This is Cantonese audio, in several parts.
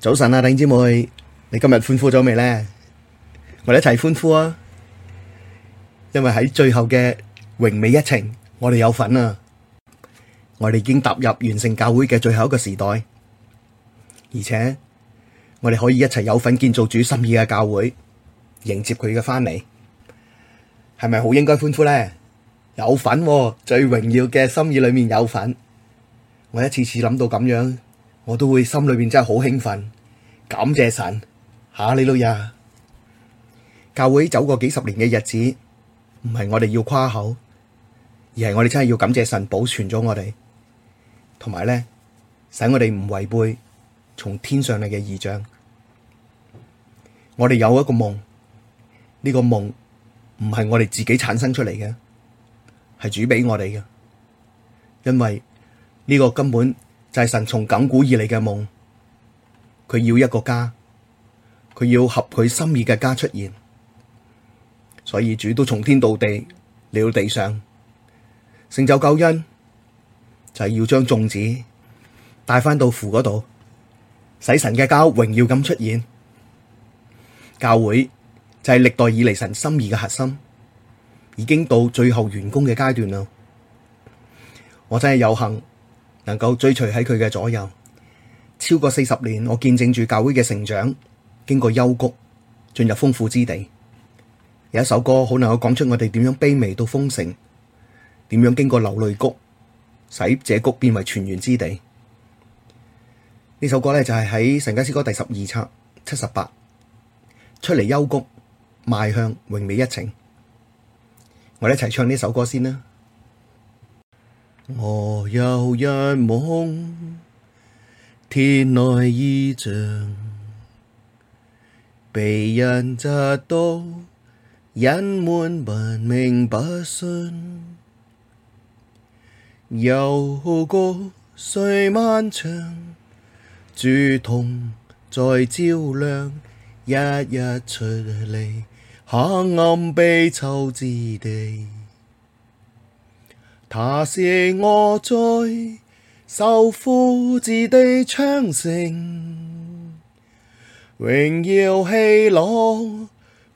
早晨啊，弟兄妹，你今日歡呼咗未呢？我哋一齊歡呼啊！因為喺最後嘅榮美一程，我哋有份啊！我哋已經踏入完成教會嘅最後一個時代，而且我哋可以一齊有份建造主心意嘅教會，迎接佢嘅翻嚟，係咪好應該歡呼呢？有份喎，啊，最榮耀嘅心意裏面有份，我一次次諗到咁樣。我都會心裏面真係好興奮，感謝神哈利路亞，呀！教會走過幾十年嘅日子，唔係我哋要誇口，而係我哋真係要感謝神保存咗我哋，同埋咧，使我哋唔違背從天上嚟嘅異象。我哋有一個夢，呢、呢個夢唔係我哋自己產生出嚟嘅，係主俾我哋嘅，因為呢個根本。就係神從亙古以嚟嘅夢，佢要一個家，佢要合佢心意嘅家出現，所以主都從天到地嚟到地上，成就救恩，就係、是、要將眾子帶翻到父嗰度，使神嘅家榮耀咁出現。教會就係歷代以嚟神心意嘅核心，已經到最後完工嘅階段啦。我真係有幸。能夠追隨喺佢嘅左右，超過四十年，我見證住教會嘅成長，經過幽谷，進入豐富之地。有一首歌，好能夠講出我哋點樣卑微到豐盛，點樣經過流淚谷，使這谷變為泉源之地。呢首歌咧就係、是、喺神家詩歌第十二冊七十八，出嚟幽谷，邁向榮美一程。我哋一齊唱呢首歌先啦。我有一夢，天來異象，被人嫉妒，人們不明不信，幽谷雖漫長，主同在照亮，一日出離黑暗被囚之地。祂使我在受苦之地昌盛，榮耀喜樂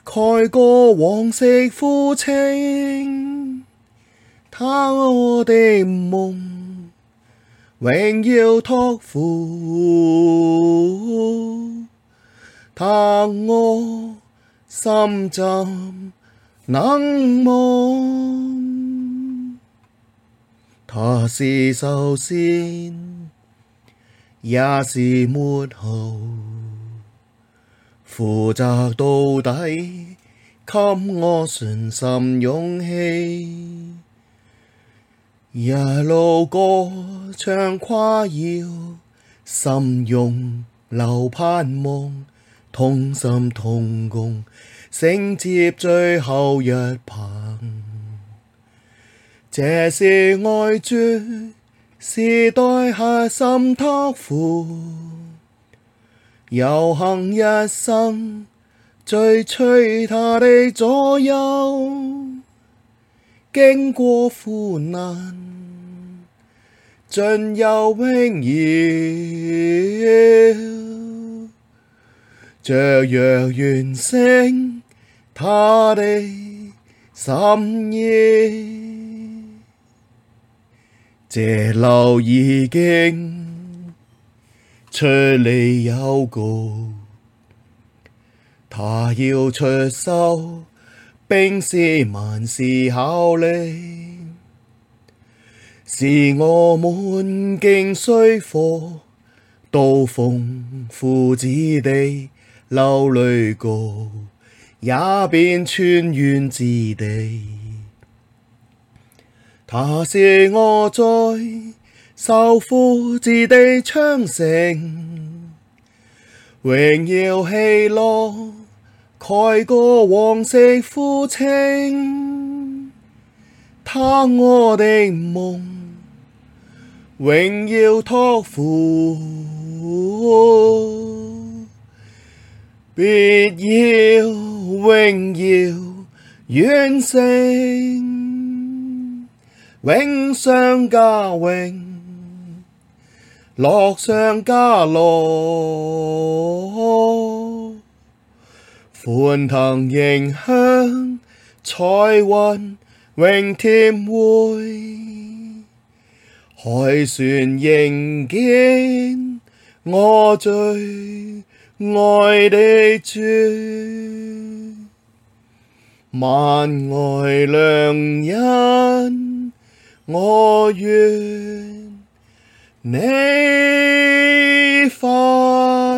蓋過往昔苦情，祂我的夢，榮耀託付，祂我心怎能忘。祂是首先，也是末後，負責到底，給我信心勇氣。一路歌唱誇耀，心湧流盼望，同心同工，承接最後一棒。這是愛主時代核心託付，有幸一生追隨他的左右，經過苦難進入榮耀，雀躍完成他的心意。這流已經出離幽谷，他要出手，並使萬事效力，使我們經水火，到豐富之地，流淚谷也變泉源之地。祂使我在受苦之地昌盛，榮耀喜樂蓋過往昔苦情，祂我的夢，榮耀託付，別要榮耀完成。榮上加榮，樂上加樂，歡騰迎向彩雲榮甜會，凱旋迎見我最愛的主，萬愛良人。我願你快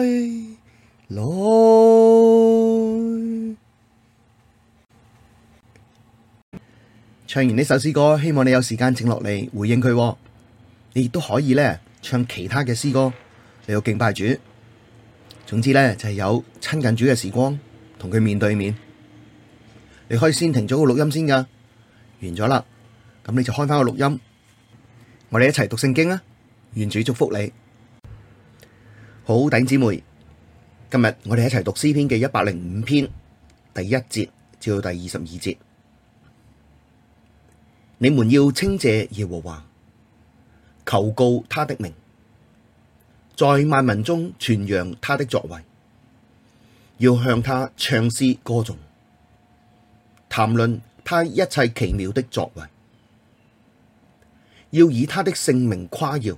來。唱完呢首詩歌，希望你有時間靜落嚟回應佢。你亦都可以咧唱其他嘅詩歌你到敬拜主。總之咧就係有親近主嘅時光，同佢面對面。你可以先停咗個錄音先噶，完咗啦。咁你就開翻個錄音，我哋一齊讀聖經啊！願主祝福你，好弟兄姊妹。今日我哋一齊讀詩篇嘅一百零五篇第一節至到第二十二節。你們要稱謝耶和華，求告他的名，在萬民中傳揚他的作為，要向他唱詩歌頌，談論他一切奇妙的作為。要以他的聖名誇耀，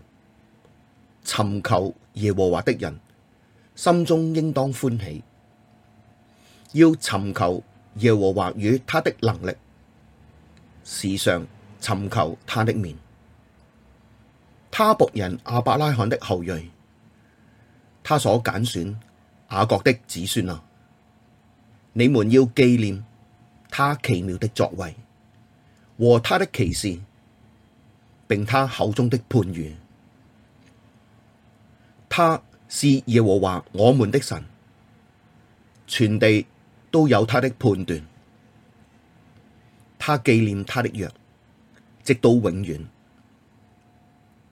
尋求耶和華的人心中應當歡喜。要尋求耶和華與他的能力，時常尋求他的面。他僕人亞伯拉罕的後裔，他所揀選雅各的子孫啊，你們要紀念他奇妙的作為和他的奇事。並他口中的判語，他是耶和華我們的神，全地都有他的判斷。他紀念他的約，直到永遠。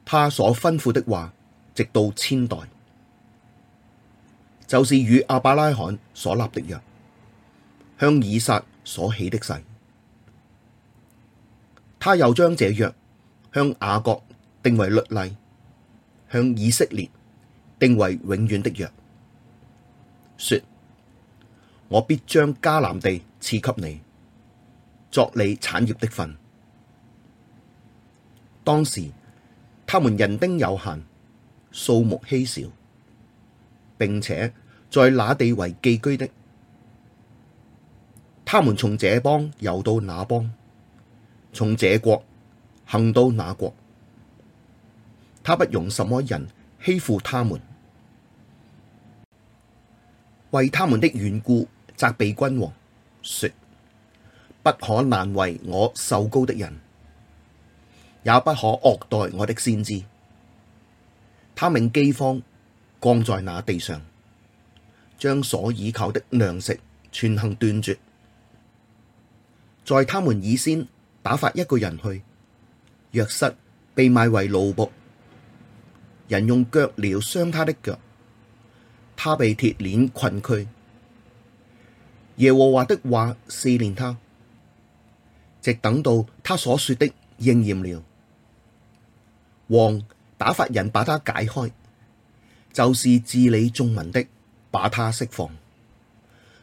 他所吩咐的話，直到千代，就是與亞伯拉罕所立的約，向以撒所起的誓。他又將這約。向雅各定為律例，向以色列定為永遠的約，說，我必將迦南地賜給你作你產業的份。當時他們人丁有限，數目稀少，並且在那地為寄居的，他們從這邦遊到那邦，從這國。行到哪國，他不容什麼人欺負他們，為他們的緣故責備君王，說：不可難為我受膏的人，也不可惡待我的先知。他命饑荒降在那地上，將所倚靠的糧食全行斷絕，在他們以先打發一個人去。約瑟被賣為奴僕，人用腳鐐傷他的腳，他被鐵鏈捆拘。耶和華的話試煉他，直等到他所說的應驗了。王打發人把他解開，就是治理眾民的，把他釋放，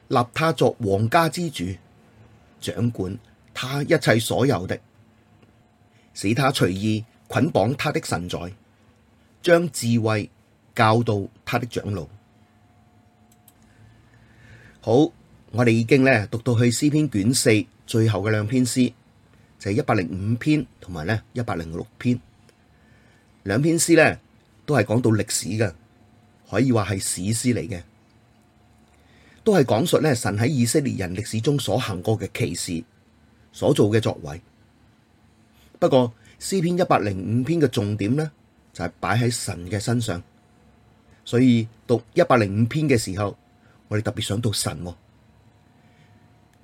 立他作王家之主，掌管他一切所有的。使他隨意捆綁他的臣宰，將智慧教導他的長老。好，我哋已經呢讀到去詩篇卷四最後嘅兩篇詩，就係一百零五篇同埋呢一百零六篇。兩篇詩呢都係講到歷史嘅，可以話係史詩嚟嘅，都係講述呢神喺以色列人歷史中所行過嘅奇事，所做嘅作為。不過詩篇一百零五篇嘅重點咧，就係擺喺神嘅身上，所以讀一百零五篇嘅時候，我哋特別想讀神，啊。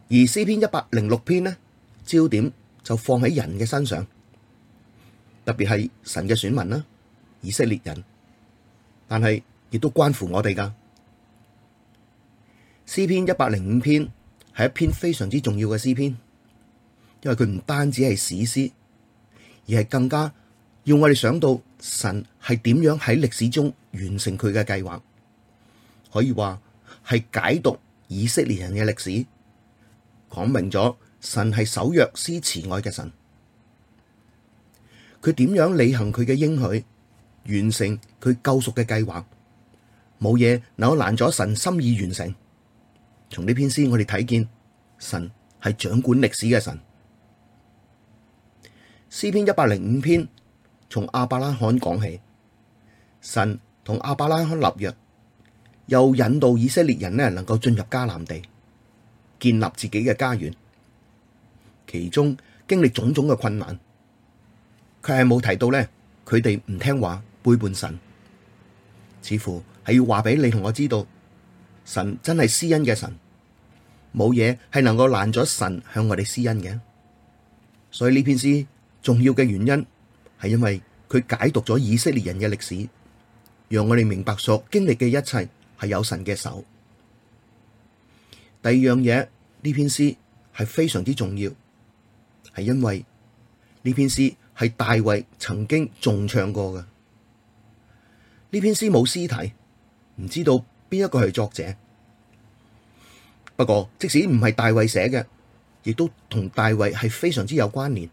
而詩篇一百零六篇咧，焦點就放喺人嘅身上，特別係神嘅選民啦，啊，以色列人，但係亦都關乎我哋噶。詩篇一百零五篇係一篇非常之重要嘅詩篇，因為佢唔單止係史詩。而係更加要我哋想到神係點樣喺歷史中完成佢嘅計劃，可以話係解讀以色列人嘅歷史，講明咗神係守約施慈愛嘅神，佢點樣履行佢嘅應許，完成佢救贖嘅計劃，冇嘢能難咗神心意完成。從呢篇詩我哋睇見神係掌管歷史嘅神。詩篇一百零五篇，從亞伯拉罕講起，神同亞伯拉罕立約，又引導以色列人咧能夠進入迦南地，建立自己嘅家園。其中經歷種種嘅困難，佢係冇提到呢：「佢哋唔聽話，背叛神，似乎係要話俾你同我知道，神真係施恩嘅神，冇嘢係能夠攔咗神向我哋施恩嘅。所以呢篇詩，重要嘅原因係因為佢解讀咗以色列人嘅歷史，讓我哋明白所經歷嘅一切係有神嘅手。第二樣嘢，呢篇詩係非常之重要，係因為呢篇詩係大衛曾經重唱過嘅。呢篇詩冇詩題，唔知道邊一個係作者。不過即使唔係大衛寫嘅，亦都同大衛係非常之有關聯。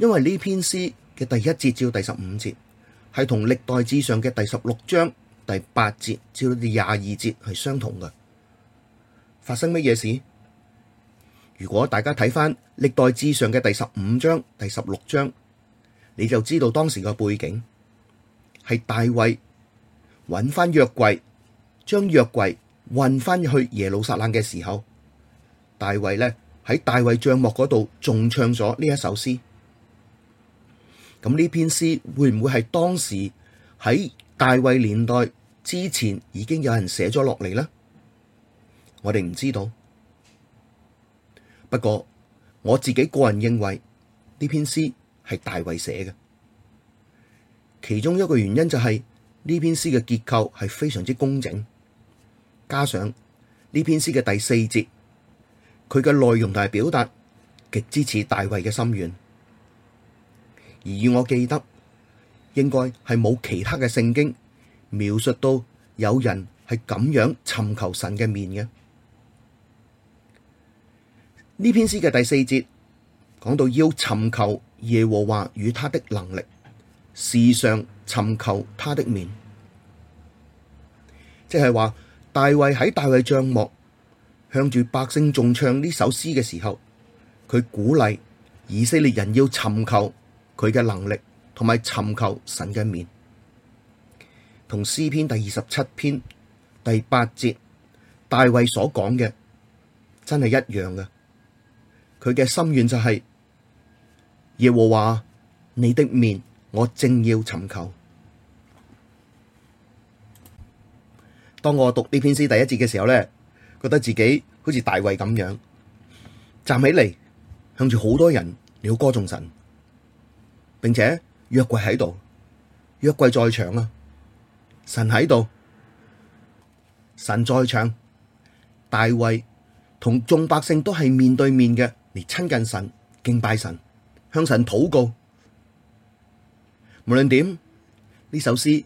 因為呢篇詩嘅第一節至到第十五節係同歷代志上嘅第十六章第八節至到第二十二節係相同嘅。發生乜嘢事？如果大家睇翻歷代志上嘅第十五章、第十六章，你就知道當時個背景係大衛揾翻約櫃，將約櫃運翻去耶路撒冷嘅時候，大衛呢喺大衛帳幕嗰度仲唱咗呢一首詩。咁呢篇詩會唔會係當時喺大衛年代之前已經有人寫咗落嚟呢？我哋唔知道。不過我自己個人認為呢篇詩係大衛寫嘅。其中一個原因就係，呢篇詩嘅結構係非常之工整，加上呢篇詩嘅第四節，佢嘅內容同埋表達極支持大衛嘅心願。而我記得應該係冇其他嘅聖經描述到有人係咁樣尋求神嘅面嘅。呢篇詩嘅第四節講到，要尋求耶和華與他的能力，時常尋求他的面，即係話大衛喺大衛帳幕向住百姓眾唱呢首詩嘅時候，佢鼓勵以色列人要尋求。佢嘅能力同埋尋求神嘅面，同詩篇第二十七篇第八節大衛所講嘅真係一樣嘅。佢嘅心願就係耶和華你的面，我正要尋求。當我讀呢篇詩第一節嘅時候呢，覺得自己好似大衛咁樣站起嚟，向住好多人了歌頌神。並且約櫃喺度，約櫃在場啊！神喺度，神在場，大衛同眾百姓都係面對面嘅，嚟親近神、敬拜神、向神禱告。無論點，呢首詩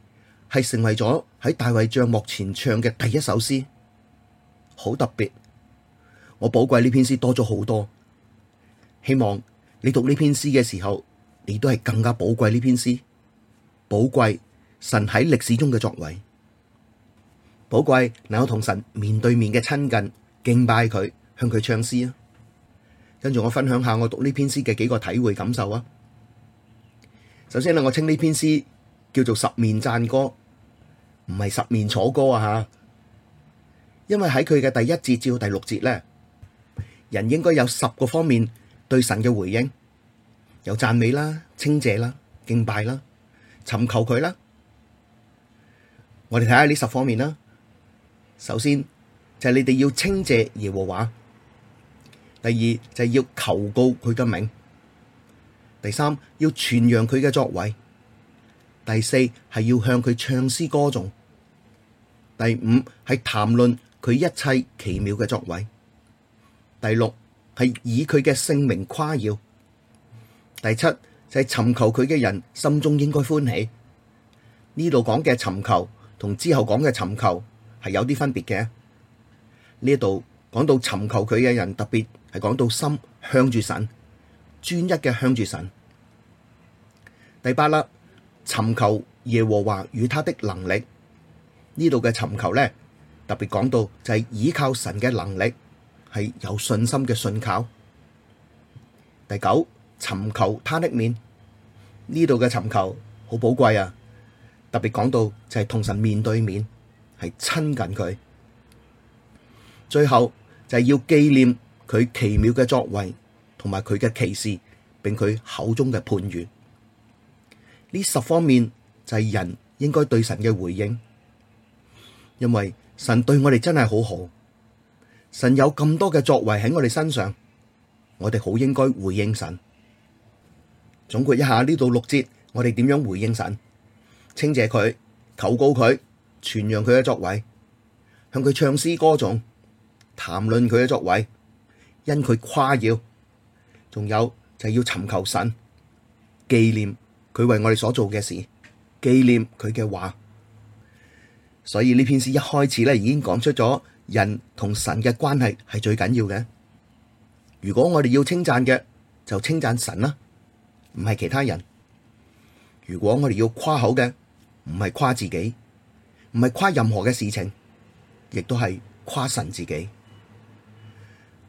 係成為咗喺大衛帳幕前唱嘅第一首詩，好特別。我寶貴呢篇詩多咗好多，希望你讀呢篇詩嘅時候，你都係更加寶貴呢篇詩，寶貴神喺歷史中嘅作為，寶貴能夠同神面對面嘅親近敬拜佢，向佢唱詩啊！跟住我分享下我讀呢篇詩嘅幾個體會感受啊！首先啦，我稱呢篇詩叫做十面讚歌，唔係十面楚歌啊吓！因為喺佢嘅第一節至到第六節咧，人應該有十個方面對神嘅回應。有讚美啦、稱謝啦、敬拜啦、尋求佢啦，我哋睇下呢十方面啦。首先就係、是、你哋要稱謝耶和華；第二就係、是、要求告佢嘅名；第三要傳揚佢嘅作為；第四係要向佢唱詩歌頌；第五係談論佢一切奇妙嘅作為；第六係以佢嘅聖名誇耀。第七就係、是、尋求佢嘅人心中應該歡喜，呢度講嘅尋求同之後講嘅尋求係有啲分別嘅。呢度講到尋求佢嘅人特別係講到心向住神，專一嘅向住神。第八啦，尋求耶和華與他的能力，尋呢度嘅尋求咧，特別講到就係依靠神嘅能力，係有信心嘅信靠。第九。尋求他的面，呢度嘅尋求好寶貴啊，特別講到就係同神面對面，係親近佢。最後就係要紀念佢奇妙嘅作為，同埋佢嘅奇事，並佢口中嘅判語。呢十方面就係人應該對神嘅回應，因為神對我哋真係好好，神有咁多嘅作為喺我哋身上，我哋好應該回應神。總括一下呢度六節，我哋點樣回應神？稱謝佢，求告佢，傳揚佢嘅作為，向佢唱詩歌頌，談論佢嘅作為，因佢誇耀。仲有就係要尋求神，紀念佢為我哋所做嘅事，紀念佢嘅話。所以呢篇詩一開始咧已經講出咗人同神嘅關係係最緊要嘅。如果我哋要稱讚嘅，就稱讚神啦。唔係其他人。如果我哋要誇口嘅，唔係誇自己，唔係誇任何嘅事情，亦都係誇神自己。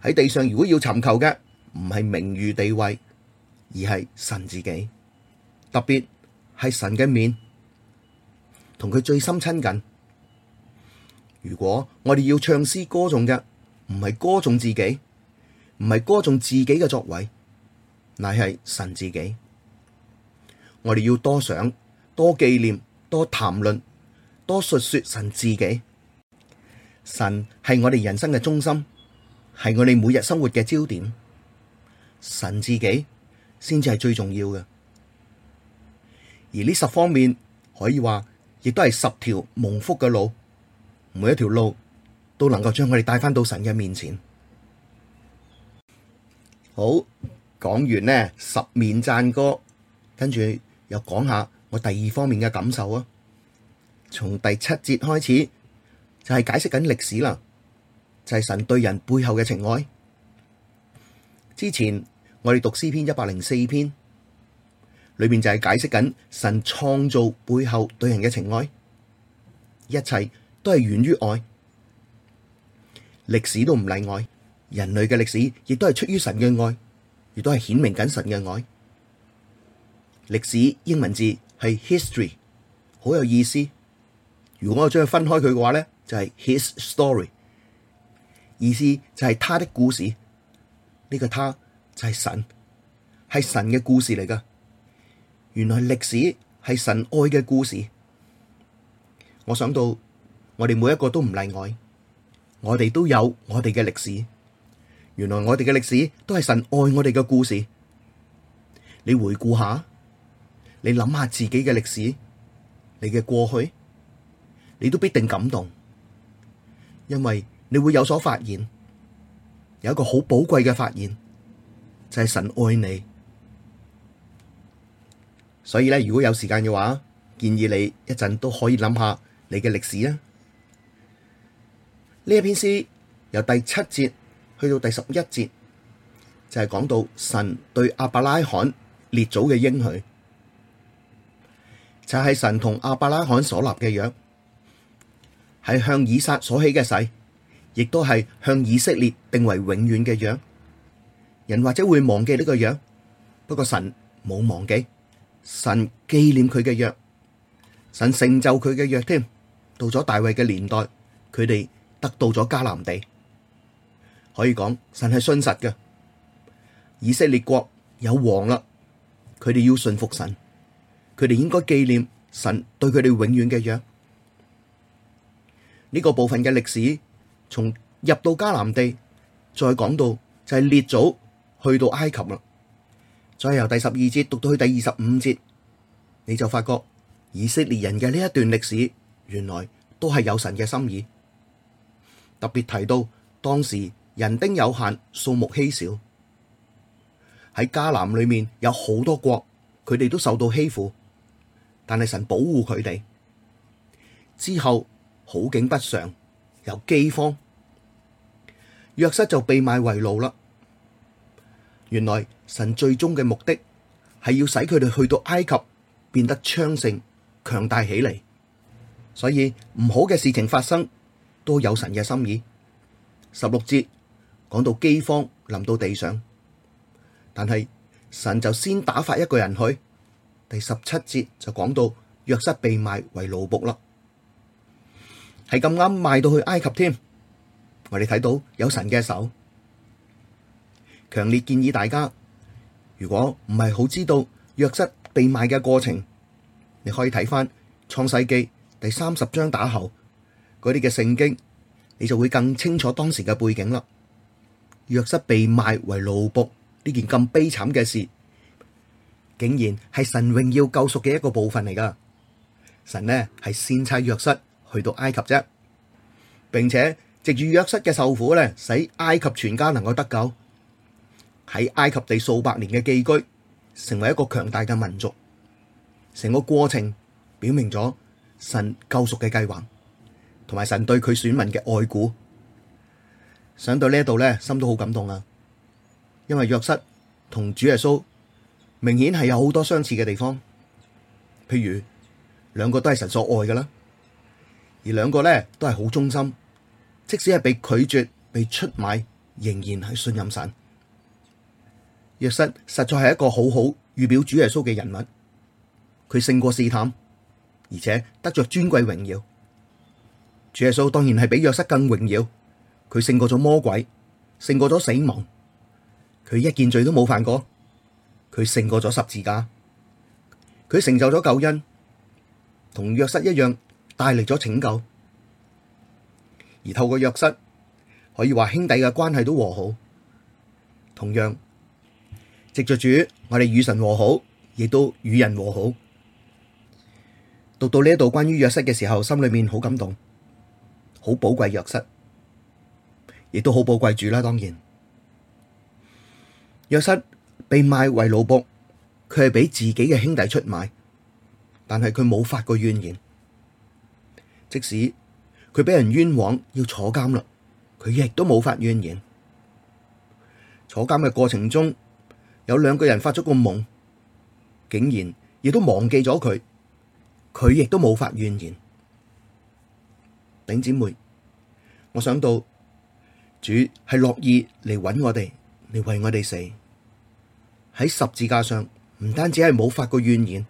喺地上如果要尋求嘅，唔係名譽地位，而係神自己，特別係神嘅面，同佢最深親近。如果我哋要唱詩歌頌嘅，唔係歌頌自己，唔係歌頌自己嘅作為。乃係神自己，我哋要多想、多紀念、多談論、多述說神自己。神係我哋人生嘅中心，係我哋每日生活嘅焦點。神自己先至係最重要嘅。而呢十方面可以話，亦都係十條蒙福嘅路，每一條路都能夠將我哋帶返到神嘅面前。好。講完咧十面讚歌，跟住又講下我第二方面嘅感受啊。從第七節開始就係解釋緊歷史啦，就係神對人背後嘅情愛。之前我哋讀詩篇一百零四篇，裏面，就係解釋緊神創造背後對人嘅情愛，一切都係源於愛，歷史都唔例外，人類嘅歷史亦都係出於神嘅愛。亦都係顯明緊神嘅愛。歷史英文字係 history，好有意思。如果我將佢分開佢嘅話咧，就係、是、his story，意思就係他的故事。呢、這個他就係神，係神嘅故事嚟噶。原來歷史係神愛嘅故事。我想到我哋每一個都唔例外，我哋都有我哋嘅歷史。原來我哋嘅歷史都係神愛我哋嘅故事。你回顧下，你諗下自己嘅歷史，你嘅過去，你都必定感動，因為你會有所發現，有一個好寶貴嘅發現，就係神愛你。所以咧，如果有時間嘅話，建議你一陣都可以諗下你嘅歷史啊。呢一篇詩由第七節。去到第十一節，就係講到神對亞伯拉罕列祖嘅應許，就係神同亞伯拉罕所立嘅約，係向以撒所起嘅誓，亦都係向以色列定為永遠嘅約。人或者會忘記呢個約，不過神冇忘記，神紀念佢嘅約，神成就佢嘅約添。到咗大衛嘅年代，佢哋得到咗迦南地。可以講神係信實嘅。以色列國有王啦，佢哋要信服神，佢哋應該紀念神對佢哋永遠嘅約。呢個部分嘅歷史從入到迦南地，再講到就係列祖去到埃及啦。再由第十二節讀到去第二十五節，你就發覺以色列人嘅呢一段歷史原來都係有神嘅心意。特別提到當時。人丁有限，數目稀少。喺迦南裏面有好多國，佢哋都受到欺負，但係神保護佢哋。之後好景不常，有飢荒、約瑟就被賣為奴啦。原來神最終嘅目的係要使佢哋去到埃及變得昌盛、強大起嚟。所以唔好嘅事情發生都有神嘅心意。十六節。講到飢荒臨到地上，但係神就先打發一個人去。第十七節就講到約瑟被賣為奴僕啦，係咁啱賣到去埃及添。我哋睇到有神嘅手，強烈建議大家，如果唔係好知道約瑟被賣嘅過程，你可以睇翻創世記第三十章打後嗰啲嘅聖經，你就會更清楚當時嘅背景啦。約瑟被賣為奴僕呢件咁悲慘嘅事，竟然係神榮耀救贖嘅一個部分嚟噶。神呢係先差約瑟去到埃及啫，並且藉住約瑟嘅受苦呢，使埃及全家能夠得救，喺埃及地數百年嘅寄居，成為一個強大嘅民族。成個過程表明咗神救贖嘅計劃，同埋神對佢選民嘅愛顧。想到呢一度咧，心都好感動啊！因為約瑟同主耶穌明顯係有好多相似嘅地方，譬如兩個都係神所愛嘅啦，而兩個咧都係好忠心，即使係被拒絕、被出賣，仍然係信任神。約瑟實在係一個好好預表主耶穌嘅人物，佢勝過試探，而且得着尊貴榮耀。主耶穌當然係比約瑟更榮耀。佢勝過咗魔鬼，勝過咗死亡。佢一件罪都冇犯過，佢勝過咗十字架，佢成就咗救恩，同約瑟一樣，帶嚟咗拯救。而透過約瑟，可以話兄弟嘅關係都和好。同樣藉着主，我哋與神和好，亦都與人和好。讀到呢一度關於約瑟嘅時候，心裏面好感動，好寶貴約瑟。亦都好寶貴住啦，當然。約瑟被賣為奴僕，佢係俾自己嘅兄弟出賣，但係佢冇發過怨言。即使佢俾人冤枉要坐監啦，佢亦都冇發怨言。坐監嘅過程中，有兩個人發咗個夢，竟然亦都忘記咗佢，佢亦都冇發怨言。頂姐妹，我想到。主係樂意嚟揾我哋，嚟為我哋死喺十字架上，唔單止係冇發過怨言，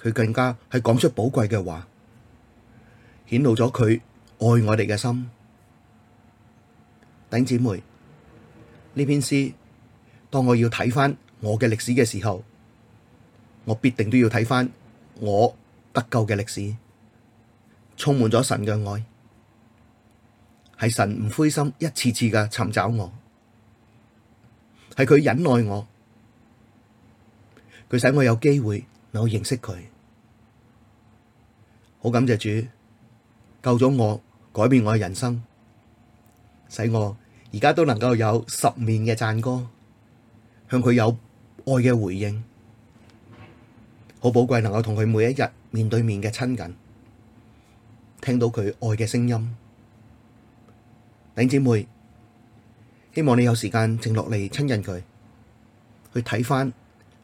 佢更加係講出寶貴嘅話，顯露咗佢愛我哋嘅心。頂姊妹，呢篇詩，當我要睇翻我嘅歷史嘅時候，我必定都要睇翻我得救嘅歷史，充滿咗神嘅愛。係神唔灰心，一次次嘅尋找我，係佢忍耐我，佢使我有機會能夠認識佢，好感謝主，救咗我，改變我嘅人生，使我而家都能夠有十面嘅讚歌，向佢有愛嘅回應，好寶貴能夠同佢每一日面對面嘅親近，聽到佢愛嘅聲音。頂姐妹，希望你有時間靜落嚟親近佢，去睇翻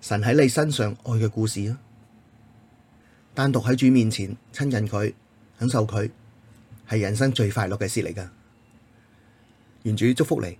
神喺你身上愛嘅故事啊！單獨喺主面前親近佢、享受佢，係人生最快樂嘅事嚟噶。願主祝福你。